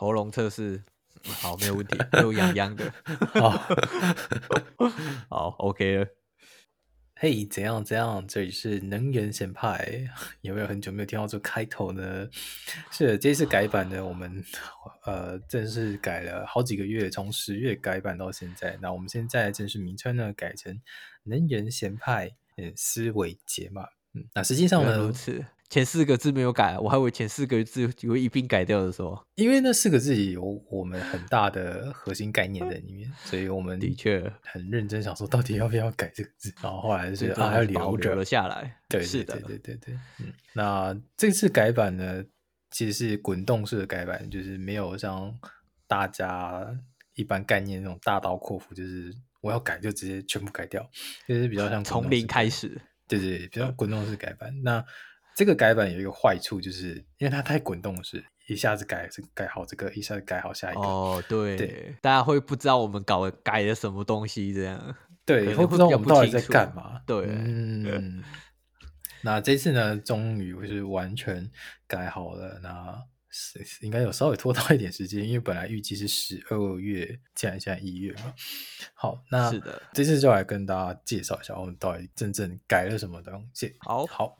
喉嚨測試，好，沒有問題，都 癢癢的， 好， 好，OK 好了。嘿，hey, 怎樣怎樣？這裡是能源賢派、欸，有沒有很久沒有聽到這開頭呢？是這次改版呢，我們呃，正式改了好幾個月，從十月改版到現在。那我們現在正式名稱呢，改成能源賢派、欸、思維解碼嘛。嗯，那實際上呢？前四個字沒有改，我還以為前四個字就會一併改掉的說。因為那四個字有我們很大的核心概念在裡面，所以我們的確很認真想說到底要不要改這個字。然後後來就是啊，保留、哦、了下來。對，是的，對對對對。的嗯，那這次改版呢，其實是滾動式的改版，就是沒有像大家一般概念那種大刀闊斧，就是我要改就直接全部改掉，就是比較像從零開始。對對對，比較滾動式改版。嗯、那這個改版有一個壞處，就是因為它太滾動式，一下子改這改好這個，一下子改好下一個。哦，對對，對，大家會不知道我們搞的改了什麼東西，這樣對，也不知道我們到底在幹嘛。對，對嗯。那這次呢，終於就是完全改好了。那是應該有稍微拖到一點時間，因為本來預計是十二月，前現在現在一月嘛。好，那是的。這次就來跟大家介紹一下，我們到底真正改了什麼東西。好好。好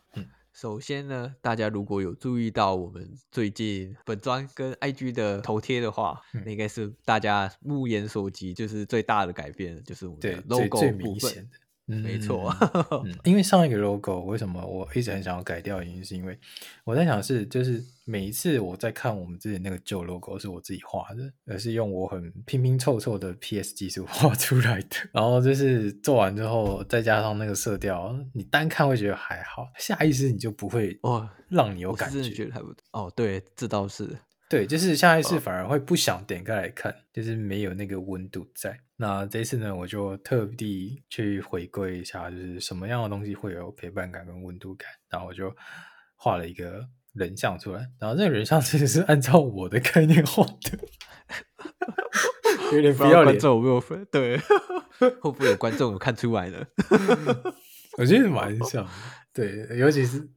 首先呢，大家如果有注意到我們最近本專跟 IG 的頭貼的話，嗯、那應該是大家目眼所及，就是最大的改變，就是我們的 LOGO 部分。對，最明顯的。嗯，沒錯錯、 嗯，因為上一個 logo，為什麼我一直很想要改掉，原因是因為我在想是，就是每一次我在看我們自己那個舊 logo，是我自己畫的，而是用我很拼拼湊湊的 PS 技術畫出來的。然後就是做完之後，再加上那個色調，你單看會覺得還好，下意識你就不會哦，讓你有感覺，哦、我是覺得還不錯哦，對，這倒是。對，就是下一次反而會不想點開來看，好就是沒有那個溫度在。那這一次呢，我就特地去回歸一下，就是什麼樣的東西會有陪伴感跟溫度感，然後我就畫了一個人像出來。然後那個人像其實是按照我的概念畫的， 有點不要臉。不有有對， 會不會有觀眾有看出來了？ 我覺得蠻像，對，尤其是。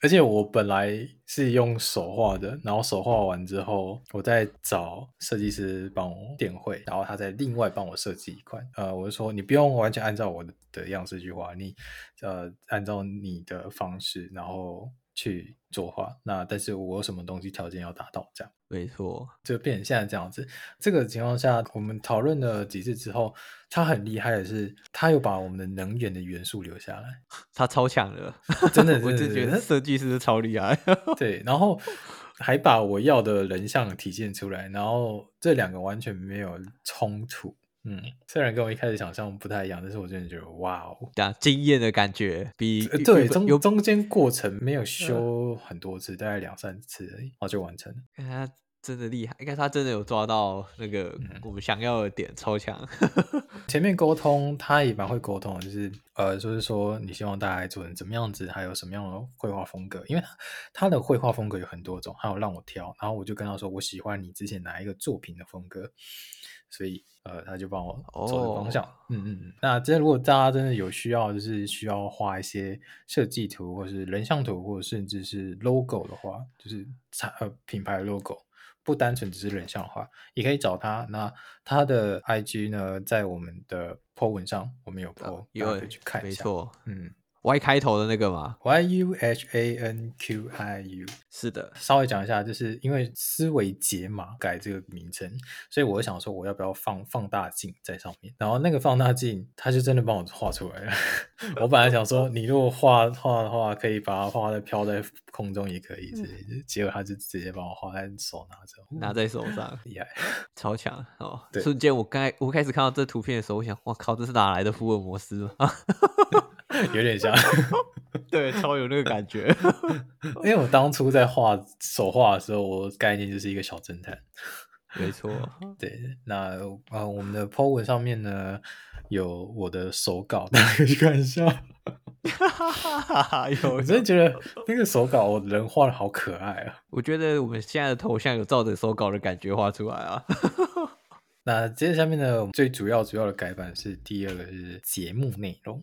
而且我本來是用手畫的，然後手畫完之後，我再找設計師幫我電繪，然後他再另外幫我設計一款。呃，我就說，你不用完全按照我的樣式去畫，你呃按照你的方式，然後。去做畫，那但是我有什麼東西條件要達到？這樣沒錯錯，就變成現在這樣子。這個情況下，我們討論了幾次之後，他很厲害的是，他又把我們的能源的元素留下來，他超強了，真的 我就覺得設計師超厲害。 對，然後還把我要的人像體現出來，然後這兩個完全沒有衝突。嗯，雖然跟我一開始想象不太一樣，但是我真的覺得哇哦，這樣驚豔的感覺。比、呃、對中有中間過程沒有修很多次，呃、大概兩三次而已，然後就完成了。他、呃、真的厲害，應該他真的有抓到那個我們想要的點，嗯、超強強。 前面溝通他也蠻會溝通的，就是呃，就是說你希望大家來做成怎麼樣子，還有什麼樣的繪畫風格，因為他的繪畫風格有很多種，還有讓我挑。然後我就跟他說，我喜歡你之前哪一個作品的風格。所以，呃，他就幫我走的方向。嗯、oh. 嗯，那這如果大家真的有需要，就是需要畫一些設計圖，或是人像圖，或者甚至是 logo 的話，就是產呃品牌 logo，不單純只是人像畫，也可以找他。那他的 IG 呢，在我們的 po 文上，我們有 po，、啊、大家可以去看一下。沒錯，嗯。Y 開頭的那個嗎？Y U H A N Q I U。是的。稍微講一下，就是因為思維解碼改這個名稱，所以我就想說，我要不要放放大鏡在上面？然後那個放大鏡，他就真的幫我畫出來了。 我本來想說，你如果畫畫的話，可以把它畫在飄在空中也可以之類的，結果他就直接把我畫在手拿着，嗯嗯、拿在手上，厲害，超強哦！對瞬間，我開我開始看到這圖片的時候，我想，我靠，這是哪來的福爾摩斯啊？ 有點像， 對，超有那個感覺。 因為我當初在畫手畫的時候，我概念就是一個小偵探。沒錯，對。那啊、呃，我們的 PO 文上面呢有我的手稿，大家可以看一下。哈哈哈！哈有，有有 真的覺得那個手稿我人畫的好可愛啊。我覺得我們現在的頭像有照着手稿的感覺畫出來啊。 那接着下，下面呢，我們最主要、主要的改版是第二個是節目內容。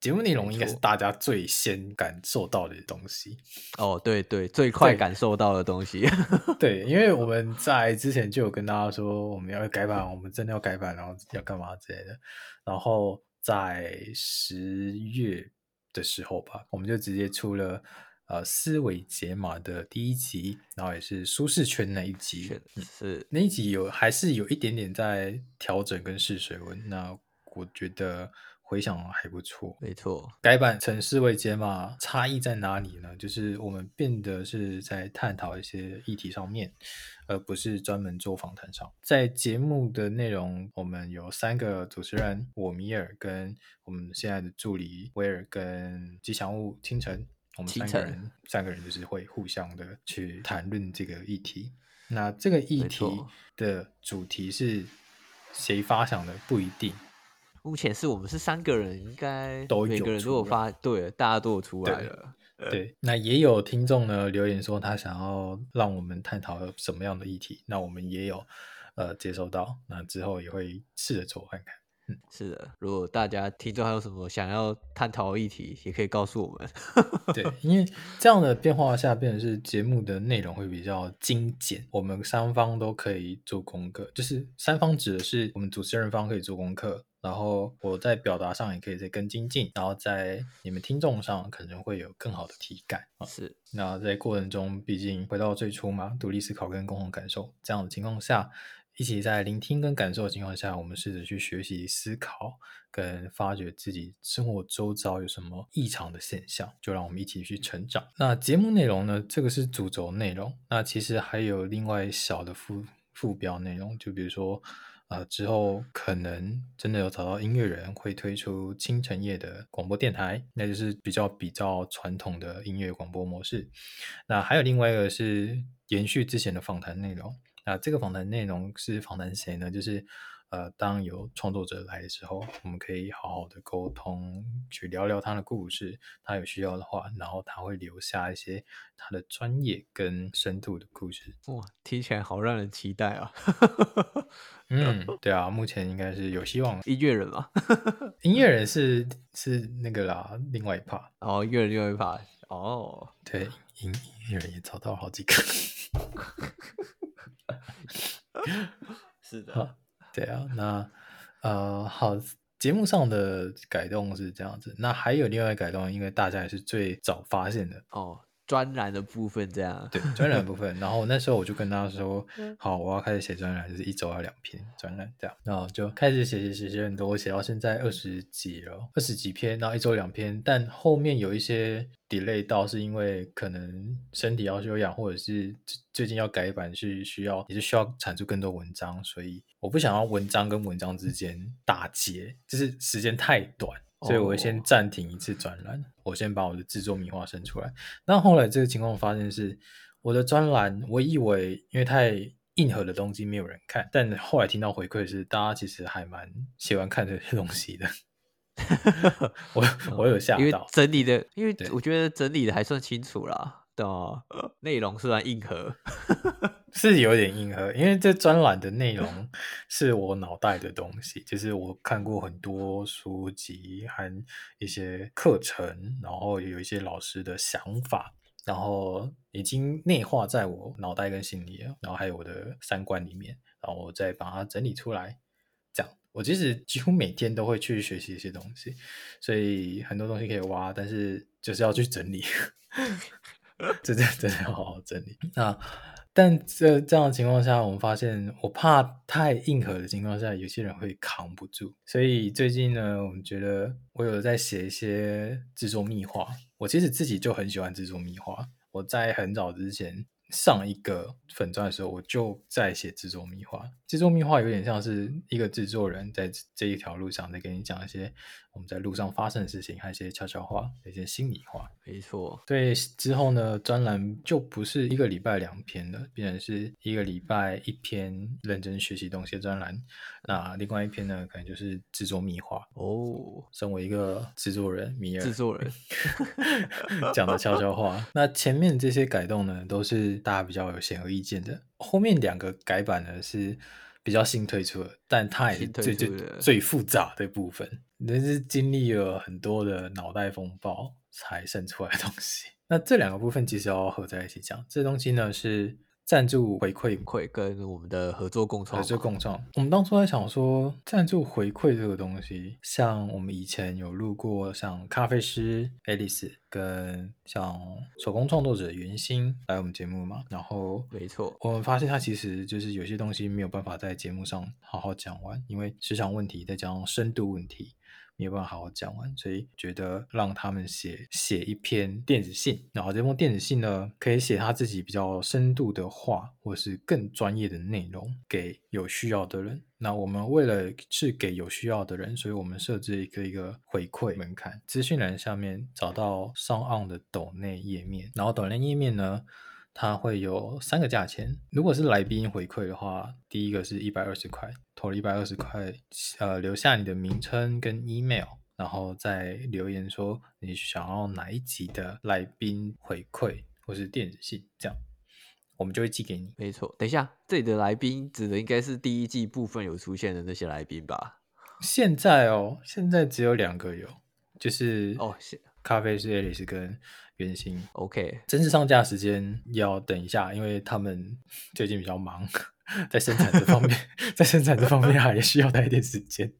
節目內容應該是大家最先感受到的東西哦，對對，最快感受到的東西對。對，因為我們在之前就有跟大家說我們要改版， 我們真的要改版，然後要幹嘛之類的。然後在十月的時候吧，我們就直接出了呃思維解碼的第一集，然後也是舒適圈那一集，是那一集有還是有一點點在調整跟試水溫。那我覺得。回想還不錯，沒錯錯。改版成思維解碼嘛，差異在哪裡呢？就是我們變得是在探討一些議題上面，而不是專門做訪談上。在節目的內容，我們有三個主持人：我米爾跟我們現在的助理威爾跟吉祥物清晨。我們三個人，成三個人就是會互相的去談論這個議題。那這個議題的主題是誰發想的，不一定。目前是我們是三個人，應該每個人都有發，有對，大家都有出來了。對，對，那也有聽眾呢留言說他想要讓我們探討什麼樣的議題，那我們也有呃接收到，那之後也會試着做看看。是的，如果大家聽眾還有什麼想要探討議題，也可以告訴我們。 對，因為這樣的變化下，變成是節目的內容會比較精簡，我們三方都可以做功課。就是三方指的是我們主持人方可以做功課，然後我在表達上也可以再更精進，然後在你們聽眾上可能會有更好的體感啊。是、嗯，那在過程中，畢竟回到最初嘛，獨立思考跟共同感受，這樣的情況下。一起在聆聽跟感受的情況下，我們試着去學習、思考跟發掘自己生活周遭有什麼異常的現象，就讓我們一起去成長。那節目內容呢？這個是主軸內容。那其實還有另外小的副副標內容，就比如說，呃，之後可能真的有找到音樂人會推出清晨夜的廣播電臺，那就是比較比較傳統的音樂廣播模式。那還有另外一個是延續之前的訪談內容。那、啊、這個訪談內容是訪談誰呢？就是，呃，當有創作者來的時候，我們可以好好的溝通，去聊聊他的故事。他有需要的話，然後他會留下一些他的專業跟深度的故事。哇，聽起來好讓人期待啊！ 嗯，對啊，目前應該是有希望。音樂人吧？ 音樂人是是那個啦，另外一趴。然後音樂人另外一趴哦，哦對，音音樂人也找到好幾個。 好是的，對啊，那呃，好，節目上的改動是這樣子，那還有另外改動，因為大家也是最早發現的哦。專欄的，的部分，這樣對，專欄的部分。然後那時候我就跟他說：“好，我要開始寫專欄，就是一周要兩篇專欄，這樣。”然後就開始寫寫寫寫很多，我寫到現在二十幾了，二十幾篇。然後一周兩篇，但後面有一些 delay 到，是因為可能身體要休養，或者是最近要改版，是需要也是需要產出更多文章，所以我不想要文章跟文章之間打結，嗯、就是時間太短。所以我會先暫停一次專欄，oh, wow. 我先把我的制作秘話生出來。那後來這個情況發生是，我的專欄我以為因為太硬核的東西沒有人看，但後來聽到回饋是，大家其實還蠻喜歡看這些東西的。 我我有嚇到、 嗯、因為整理的，因為我覺得整理的還算清楚啦，的對，內容雖然硬核。 是有點硬核，因為這專欄的內容是我腦袋的東西，就是我看過很多書籍、和一些課程，然後有一些老師的想法，然後已經內化在我腦袋跟心裡了，然後還有我的三觀裡面，然後我再把它整理出來。這樣，我其實幾乎每天都會去學習一些東西，所以很多東西可以挖，但是就是要去整理， 真的真的要好好整理。那、啊。但這這樣的情況下，我們發現我怕太硬核的情況下，有些人會扛不住。所以最近呢，我們覺得我有在寫一些製作秘話。我其實自己就很喜歡製作秘話。我在很早之前上一個粉專的時候，我就在寫製作秘話。製作秘話有點像是一個製作人在這一條路上在給你講一些。我們在路上發生的事情，還有一些悄悄話，一些心裡話，沒錯錯。對，之後呢，專欄就不是一個禮拜兩篇的，變成是一個禮拜一篇，認真學習東西的專欄。那另外一篇呢，可能就是製作秘話。哦，身為一個製作人，MiR 製作人講 的悄悄話。 那前面這些改動呢，都是大家比較有顯而易見的。後面兩個改版呢是。比較新推出的，但它也是最最最複雜的部分，那是經歷了很多的腦袋風暴才生出來的東西。那這兩個部分其實要合在一起講，這東西呢是，贊助回饋會跟我們的合作共創，合作共創。我們當初在想說，贊助回饋這個東西，像我們以前有錄過像咖啡師 Alice 跟像手工創作者袁欣來我們節目嘛，然後沒錯，我們發現它其實就是有些東西沒有辦法在節目上好好講完，因為時長問題，再加上深度問題。沒有辦法好好講完，所以覺得讓他們寫寫一篇電子信，然後這封電子信呢，可以寫他自己比較深度的話，或是更專業的內容給有需要的人。那我們為了是給有需要的人，所以我們設置一個一個回饋門檻，資訊欄下面找到上岸的抖內頁面，然後抖內頁面呢。它會有三個價錢。如果是來賓回饋的話，第一個是一百二十塊，投了一百二十塊，呃，留下你的名稱跟 email，然後再留言說你想要哪一集的來賓回饋或是電子信，這樣我們就會寄給你。沒錯，等一下，這裡的來賓指的應該是第一季部分有出現的那些來賓吧？現在哦，現在只有兩個有，就是哦，咖啡師 Alice 跟。更新 OK，正式上架的時間要等一下，因為他們最近比較忙，在生產這方面， 在生產這方面還需要待一點時間。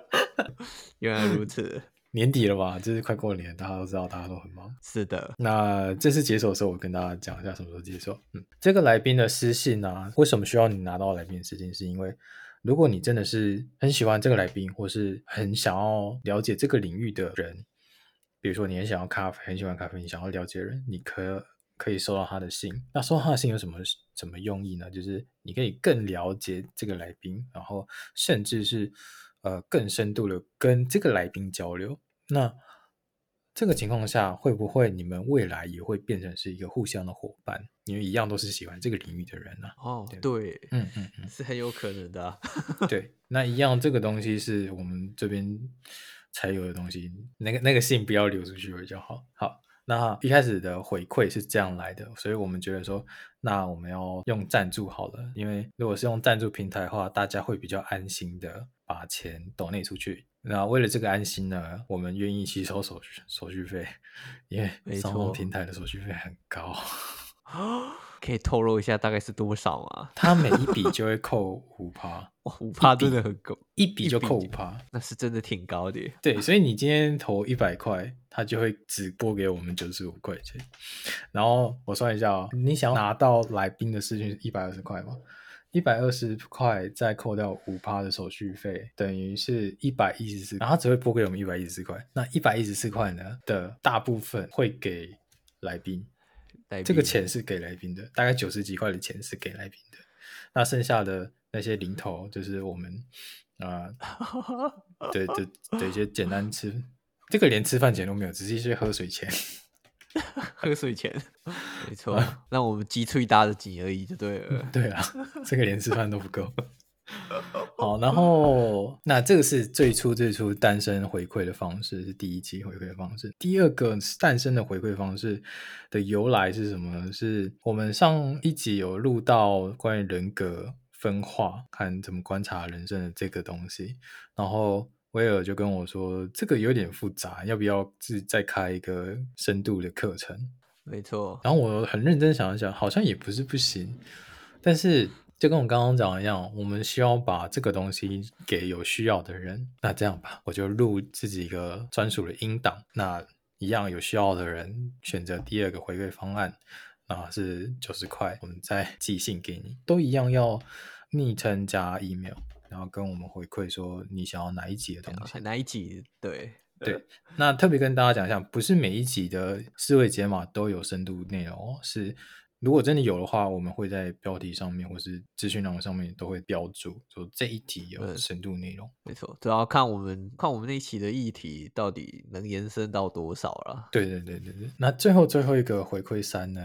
原來如此，年底了吧，就是快過年，大家都知道，大家都很忙。是的，那這次解鎖的時候，我跟大家講一下什麼時候解鎖。嗯，這個來賓的私信呢、啊，為什麼需要你拿到來賓的私信？是因為如果你真的是很喜歡這個來賓，或是很想要了解這個領域的人。比如說，你很想要咖啡，很喜歡咖啡，你想要了解人，你可可以收到他的信。那收到他的信有什麼什麼用意呢？就是你可以更了解這個來賓，然後甚至是呃更深度的跟這個來賓交流。那這個情況下，會不會你們未來也會變成是一個互相的伙伴？因為一樣都是喜歡這個領域的人呢、啊？哦，對，嗯嗯對，是很有可能的、啊。 對，那一樣這個東西是我們這邊。才有的東西，那個那個信不要流出去比較好。好，那一開始的回饋是這樣來的，所以我們覺得說，那我們要用贊助好了，因為如果是用贊助平台的話，大家會比較安心的把錢抖內出去。那為了這個安心呢，我們願意吸收手續手續費，因為商務平台的手續費很高。 可以透露一下大概是多少嗎？他每一筆就會扣五趴，哇，五趴 筆真的很夠。一筆就扣五趴，那是真的挺高的。對，啊、所以你今天投一百塊，他就會只撥給我們九十五塊錢。然後我算一下、哦，你想要拿到來賓的私訊是一百二十塊嗎？一百二十塊再扣掉五趴的手續費，等於是一百一十四。然後他只會撥給我們一百一十四塊。那一百一十四塊呢的大部分會給來賓。這個錢是給來賓的，大概九十幾塊的錢是給來賓的，那剩下的那些零頭就是我們啊、呃， 對對對，一些簡單吃，這個連吃飯錢都沒有，只是一些喝水錢， 喝水錢，沒錯，啊、那我們雞翅搭的幾而已就對了、嗯，對啊，這個連吃飯都不夠。 好，然後那這個是最初最初誕生回饋的方式，是第一期回饋的方式。第二個誕生的回饋方式的由來是什麼呢？是我們上一集有錄到關於人格分化，看怎麼觀察人生的這個東西。然後威爾就跟我說，這個有點複雜，要不要再開一個深度的課程？沒錯。然後我很認真想一想，好像也不是不行，但是。就跟我剛剛講的一樣，我們需要把這個東西給有需要的人。那這樣吧，我就錄自己一個專屬的音檔。那一樣有需要的人選擇第二個回饋方案，啊，是九十塊，我們再寄信給你，都一樣要昵稱加 email，然後跟我們回饋說你想要哪一集的東西，哪一集？對對。那特別跟大家講一下，不是每一集的思維解碼都有深度內容哦，是。如果真的有的話，我們會在標題上面或是資訊欄上面都會標注，就這一題有深度內容。嗯、沒錯，主要看我們看我們那一期的議題到底能延伸到多少了。對對對對對，那最後最後一個回饋三呢，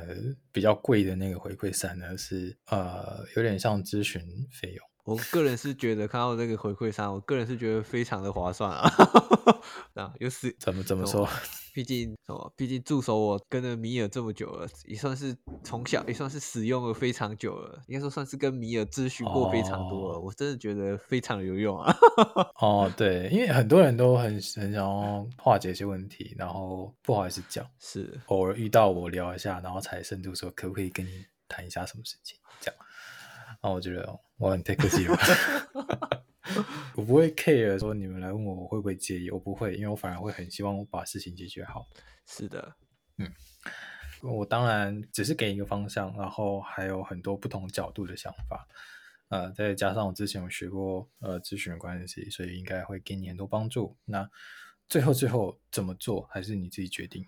比較貴的那個回饋三呢是呃，有點像諮詢費用。我個人是覺得，看到這個回饋上，我個人是覺得非常的划算啊！啊 死，又是怎麼怎麼說？畢竟，畢竟助手我跟了米爾這麼久了，也算是從小也算是使用了非常久了，應該說算是跟米爾諮詢過非常多了，哦，我真的覺得非常有用啊！ 哦，對，因為很多人都很很想要化解一些問題，然後不好意思講，是偶爾遇到我聊一下，然後才深度說可不可以跟你談一下什麼事情。那我覺得我很 take 我不會 care 說你們來問我，我會不會介意，我不會，因為我反而會很希望我把事情解決好。是的，嗯，我當然只是給你一個方向，然後還有很多不同角度的想法，呃，再加上我之前有學過呃諮詢的關係，所以應該會給你很多幫助。那最後最後怎麼做還是你自己決定，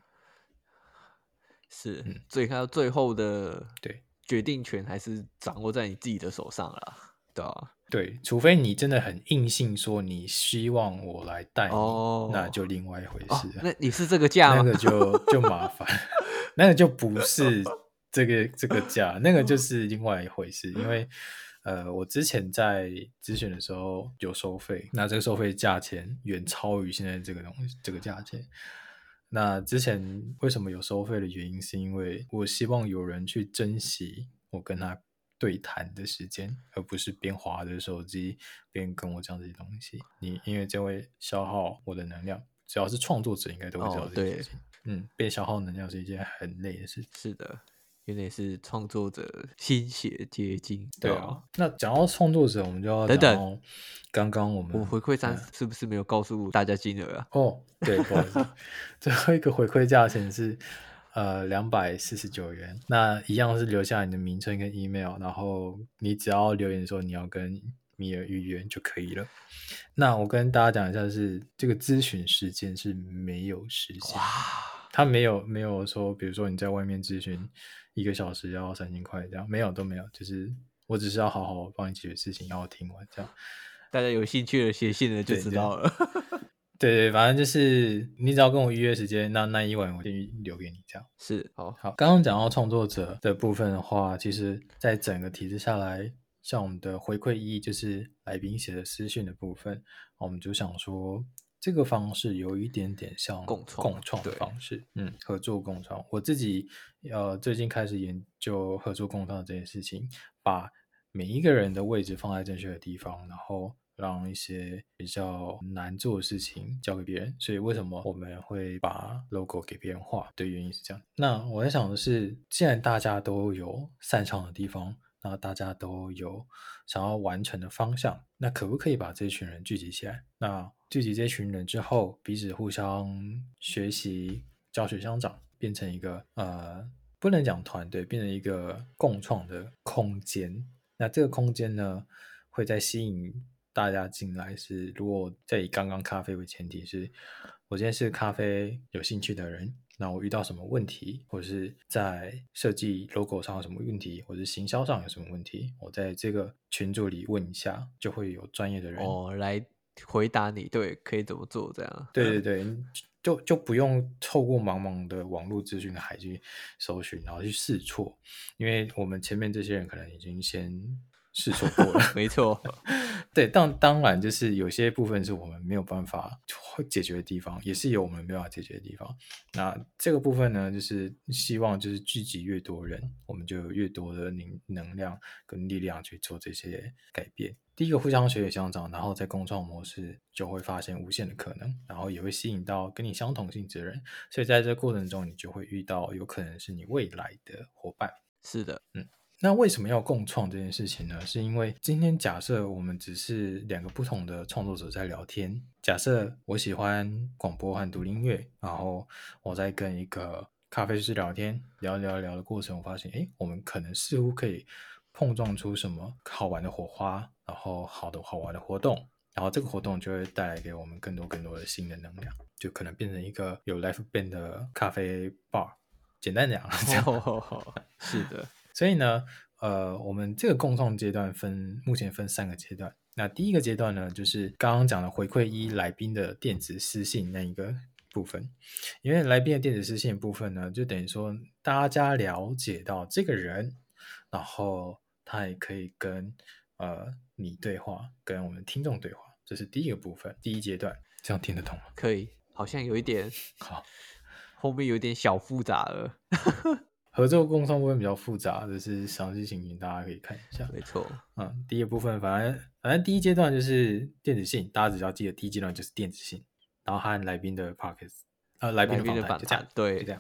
是，嗯，最看到最後的，對。決定權還是掌握在你自己的手上啦、啊，對對，除非你真的很硬性說你希望我來帶你，oh. 那就另外一回事。啊。Oh, 那你是這個價嗎？那個就就麻煩， 那個就不是這個這個價， 那個就是另外一回事。因為呃，我之前在諮詢的時候有收費，那這個收費價錢遠超於現在這個東西這個價錢。那之前為什麼有收費的原因，是因為我希望有人去珍惜我跟他對談的時間，而不是邊滑着手機邊跟我講這些東西。你因為這會消耗我的能量，只要是創作者應該都會知道這些事情。哦、嗯，被消耗能量是一件很累的事情。是的。也是創作者心血結晶，對啊。嗯、那講到創作者，我們就要講到剛剛我們等等。剛剛我們回饋三是不是沒有告訴大家金額啊？哦，對，不好意思， 最後一個回饋價錢是呃兩百四十九元。那一樣是留下你的名稱跟 email，然後你只要留言說你要跟米爾預約就可以了。那我跟大家講一下、就是，是這個諮詢時間是沒有時間，哇他沒有沒有說，比如說你在外面諮詢。一個小時要三千塊，這樣沒有都沒有，就是我只是要好好幫你解決事情，然後聽完這樣。大家有興趣的寫信的就知道了對。對 對，反正就是你只要跟我預約時間，那那一晚我就留給你這樣。是，好好。剛剛講到創作者的部分的話，其實在整個體制下來，像我們的回饋一就是來賓寫的私信的部分，我們就想說。這個方式有一點點像共創的方式，共創，嗯，合作共創。我自己呃，最近開始研究合作共創的這件事情，把每一個人的位置放在正確的地方，然後讓一些比較難做的事情交給別人。所以為什麼我們會把 logo 給別人畫的原因是這樣。那我在想的是，既然大家都有擅長的地方。那大家都有想要完成的方向，那可不可以把這群人聚集起來？那聚集這群人之後，彼此互相學習、教學相長，變成一個呃，不能講團隊，變成一個共創的空間。那這個空間呢，會再吸引大家進來是。是如果再以剛剛咖啡為前提，是。我今天是咖啡有興趣的人，那我遇到什麼問題，或者是在設計 logo 上有什麼問題，或者是行銷上有什麼問題，我在這個群組裡問一下，就會有專業的人。哦，來回答你，對，可以怎麼做？這樣，對對對，就就不用透過茫茫的網絡資訊的海去搜尋，然後去試錯，因為我們前面這些人可能已經先。是說的 錯，錯過了，沒錯，對，但當然就是有些部分是我們沒有辦法解決的地方，也是有我們沒有辦法解決的地方。那這個部分呢，就是希望就是聚集越多人，我們就有越多的能能量跟力量去做這些改變。第一個，互相學，也相長，然後在共創模式就會發現無限的可能，然後也會吸引到跟你相同性質的人，所以在這個過程中，你就會遇到有可能是你未來的夥伴。是的，嗯。那為什麼要共創這件事情呢？是因為今天假設我們只是兩個不同的創作者在聊天。假設我喜歡廣播和獨立音樂，然後我在跟一個咖啡師聊天，聊聊聊的過程，我發現，哎、欸，我們可能似乎可以碰撞出什麼好玩的火花，然後好的好玩的活動，然後這個活動就會帶來給我們更多更多的新的能量，就可能變成一個有 life band 的咖啡 bar。簡單講，就，是的。所以呢，呃，我們這個共創階段分目前分三個階段。那第一個階段呢，就是剛剛講的回饋一來賓的電子私信那一個部分。因為來賓的電子私信部分呢，就等於說大家了解到這個人，然後他也可以跟你呃你對話，跟我們聽眾對話，這是第一個部分，第一階段。這樣聽得懂嗎？可以，好像有一點好，後面有點小複雜了。 合作共創部分比較複雜，這是詳細情形，大家可以看一下。沒錯，嗯，第一個部分，反正反正第一階段就是電子信，大家只要記得第一階段就是電子信，然後和來賓的 Parks，啊、呃，來賓的訪談就這樣，對，這樣。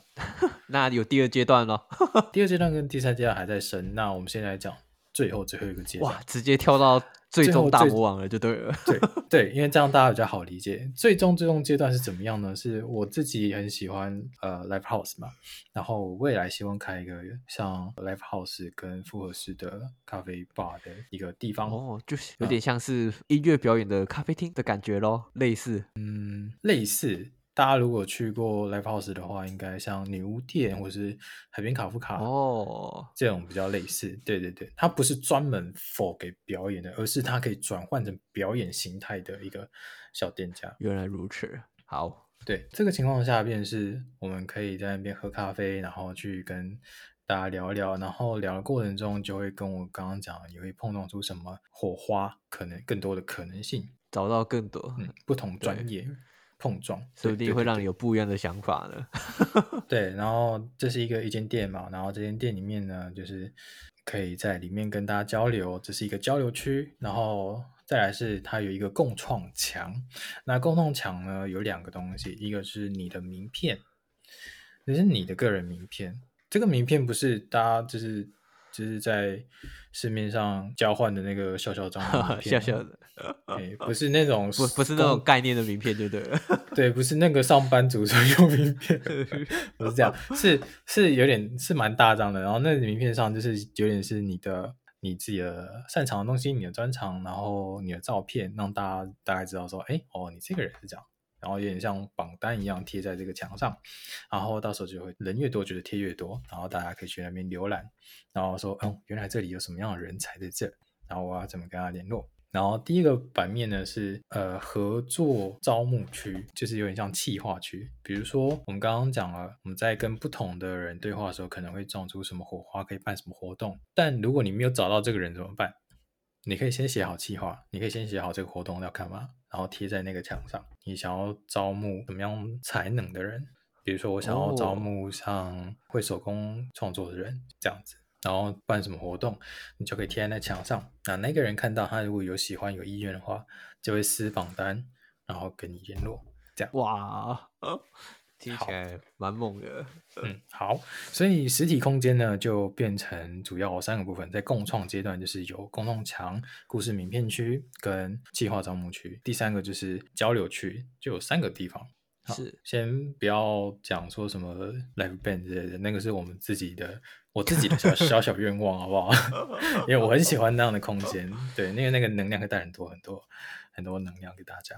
那有第二階段咯， 第二階段跟第三階段還在升，那我們現在來講最後最後一個階段。哇，直接跳到。 最終大魔王了就對了，對對，因為這樣大家比較好理解。 最終最終階段是怎麼樣呢？是我自己很喜歡呃，live house 嘛，然後未來希望開一個像 live house 跟複合式的咖啡吧的一個地方，哦，就是有點像是音樂表演的咖啡廳的感覺咯，類似，嗯，類似。大家如果去過 Live House 的話，應該像女巫店或是海邊卡夫卡哦，這種比較類似。Oh. 對對對，它不是專門 for 給表演的，而是它可以轉換成表演形態的一個小店家。原來如此，好，對這個情況下，便是我們可以在那邊喝咖啡，然後去跟大家聊一聊，然後聊的過程中，就會跟我剛剛講的，也會碰撞出什麼火花，可能更多的可能性，找到更多嗯不同專業。碰撞，說不定會讓你有不一樣的想法呢。對，對，對，對，對，然後這是一個一間店嘛，然後這間店裡面呢，就是可以在裡面跟大家交流，這是一個交流區，然後再來是它有一個共創牆。那共創牆呢有兩個東西，一個是你的名片，那是你的個人名片，這個名片不是大家就是。就是在市面上交換的那個小小張名片呵呵，小小的，對、欸，呵呵不是那種，不是跟不是那種概念的名片就對了，對不對？對，不是那個上班族專用名片， 不是這樣，是是有點是蠻大張的，然後那個名片上就是有點是你的你自己的擅長的東西，你的專長，然後你的照片，讓大家大概知道說，哎、欸，哦，你這個人是這樣。然後有點像榜單一樣貼在這個牆上，然後到時候就會人越多覺得貼越多，然後大家可以去那邊瀏覽，然後說，嗯，原來這裡有什麼樣的人才在這，然後我要怎麼跟他聯絡。然後第一個版面呢是呃合作招募區，就是有點像企劃區，比如說我們剛剛講了，我們在跟不同的人對話的時候，可能會撞出什麼火花，可以辦什麼活動。但如果你沒有找到這個人怎麼辦？你可以先寫好企劃，你可以先寫好這個活動要幹嘛。然後貼在那個牆上。你想要招募什麼樣才能的人？比如說，我想要招募像會手工創作的人，哦、這樣子。然後辦什麼活動，你就可以貼在那牆上。那那個人看到，他如果有喜歡、有意願的話，就會私榜單，然後跟你聯絡。這樣哇。哦聽起來蠻猛的，嗯，好，所以實體空間呢就變成主要三個部分，在共創階段就是有共創牆、故事名片區跟計劃招募區，第三個就是交流區，就有三個地方。好是，先不要講說什麼 Live Band 之類的，那個是我們自己的。 我自己的小小小願望，好不好？ 因為我很喜歡那樣的空間，對，因為那個能量會帶很多很多很多能量給大家。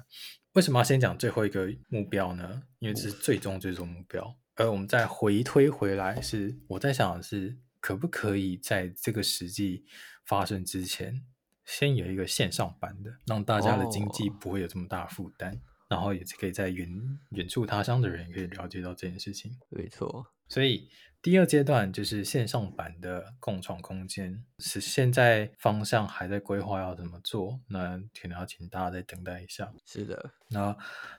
為什麼要先講最後一個目標呢？因為這是最終最終目標，而我們再回推回來是我在想的是可不可以在這個實際發生之前，先有一個線上版的，讓大家的經濟不會有這麼大負擔。然後也是可以在遠遠處他鄉的人可以了解到這件事情，沒錯。所以第二階段就是線上版的共創空間，是現在方向還在規劃要怎麼做，那可能要請大家再等待一下。是的。那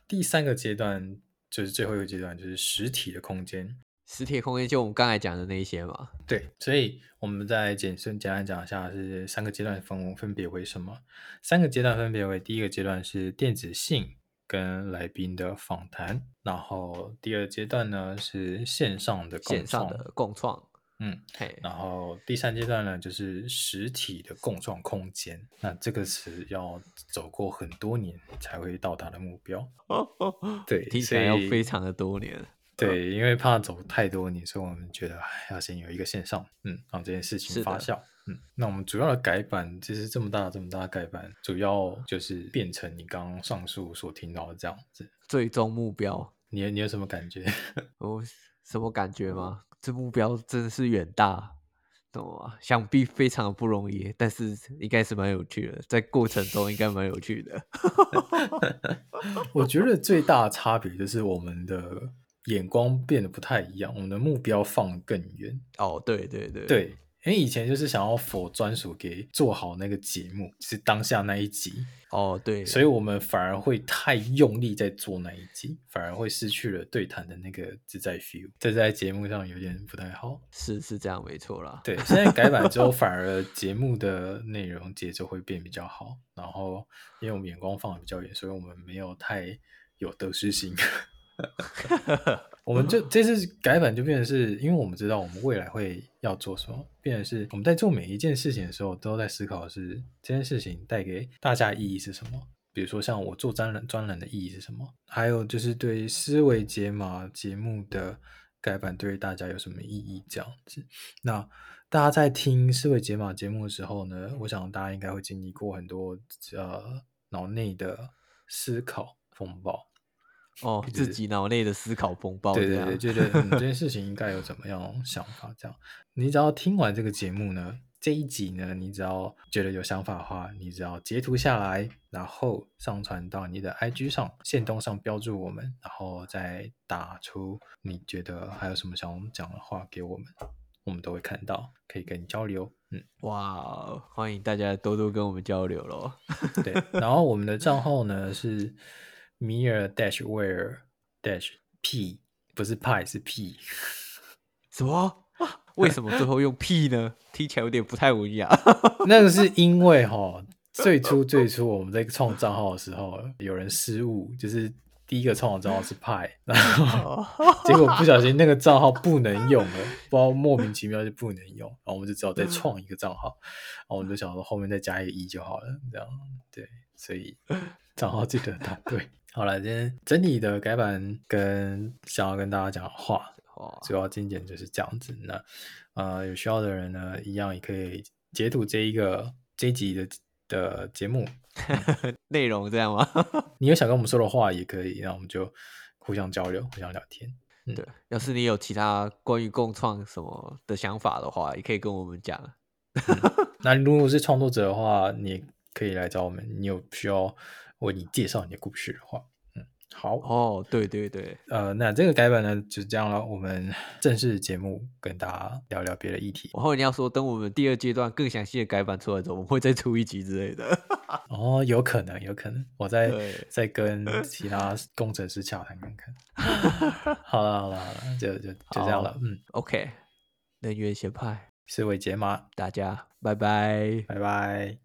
第三個階段就是最後一個階段，就是實體的空間。實體空間就我們剛才講的那一些吧。對。所以我們再簡順簡單講一下，是三個階段分分別為什麼？三個階段分別為：第一個階段是電子信。跟來賓的訪談，然後第二階段呢，是線上的共創，線上的共創，嗯，Hey. 然後第三階段呢，就是實體的共創空間。那這個是要走過很多年才會到達的目標， 對，以聽起來要非常的多年。對，因為怕走太多，你，所以我們覺得要先有一個線上，嗯，讓這件事情發酵，的嗯，那我們主要的改版就是這麼大，這麼大的改版，主要就是變成你剛剛上述所聽到的這樣子。最終目標，你你有什麼感覺？我，哦，什麼感覺嗎？這目標真的是遠大，懂嗎？想必非常的不容易，但是應該是蠻有趣的，在過程中應該蠻有趣的。 我覺得最大的差別就是我們的。眼光變得不太一樣，我們的目標放得更遠哦。Oh, 對對對，對，因為以前就是想要佛專屬給做好那個節目，是當下那一集哦。Oh, 對，所以我們反而會太用力在做那一集，反而會失去了對談的那個自在 feel，這在節目上有點不太好。是是這樣，沒錯啦。對，現在改版之後，反而節目的內容節奏會變比較好。 然後，因為我們眼光放的比較遠，所以我們沒有太有得失心。哈哈哈， 我們就這次改版就變成是，因為我們知道我們未來會要做什麼，變成是我們在做每一件事情的時候都在思考是，是這件事情帶給大家意義是什麼。比如說像我做專欄，專欄的意義是什麼，還有就是對思維解碼節目的改版對大家有什麼意義這樣子。那大家在聽思維解碼節目的時候呢，我想大家應該會經歷過很多呃腦內的思考風暴。哦，就是、自己腦內的思考風暴，對對對， 覺得你這件事情應該有怎麼樣想法？這樣，你只要聽完這個節目呢，這一集呢，你只要覺得有想法的話，你只要截圖下來，然後上傳到你的 IG 上、限動上標注我們，然後再打出你覺得還有什麼想講的話給我們，我們都會看到，可以跟你交流。嗯，哇，歡迎大家多多跟我們交流咯。對，然後我們的賬號呢是。Mirror Dash Ware Dash P，不是派是 P，什麼？為什麼最後用 P 呢？聽起來 有點不太文雅。那個是因為哈，最初最初我們在創賬號的時候，有人失誤，就是第一個創的賬號是派，然後結果不小心那個賬號不能用了，不知道莫名其妙就不能用，然後我們就只好再創一個賬號，然後我們就想說後面再加一個 E 就好了，這樣對，所以賬號記得打對。好了，今天整體的改版跟想要跟大家講的話，哇主要精簡就是這樣子。那呃，有需要的人呢，一樣也可以截圖這一個這一集的的節目內 容，這樣嗎？ 你有想跟我們說的話，也可以，那我們就互相交流，互相聊天。嗯、對，要是你有其他關於共創什麼的想法的話，也可以跟我們講、 嗯。那如果是創作者的話，你也可以來找我們，你有需要為你介紹你的故事的話，嗯，好哦，對對對，呃，那這個改版呢，就這樣了。我們正式節目跟大家聊聊別的議題。然後你要說，等我們第二階段更詳細的改版出來之後，我們會再出一集之類的。 哦，有可能，有可能，我再再，對再跟其他工程師洽談，談看看。 好了好了，就就好就這樣了。嗯，OK，能源學派，思維解碼嗎？大家，拜拜，拜拜。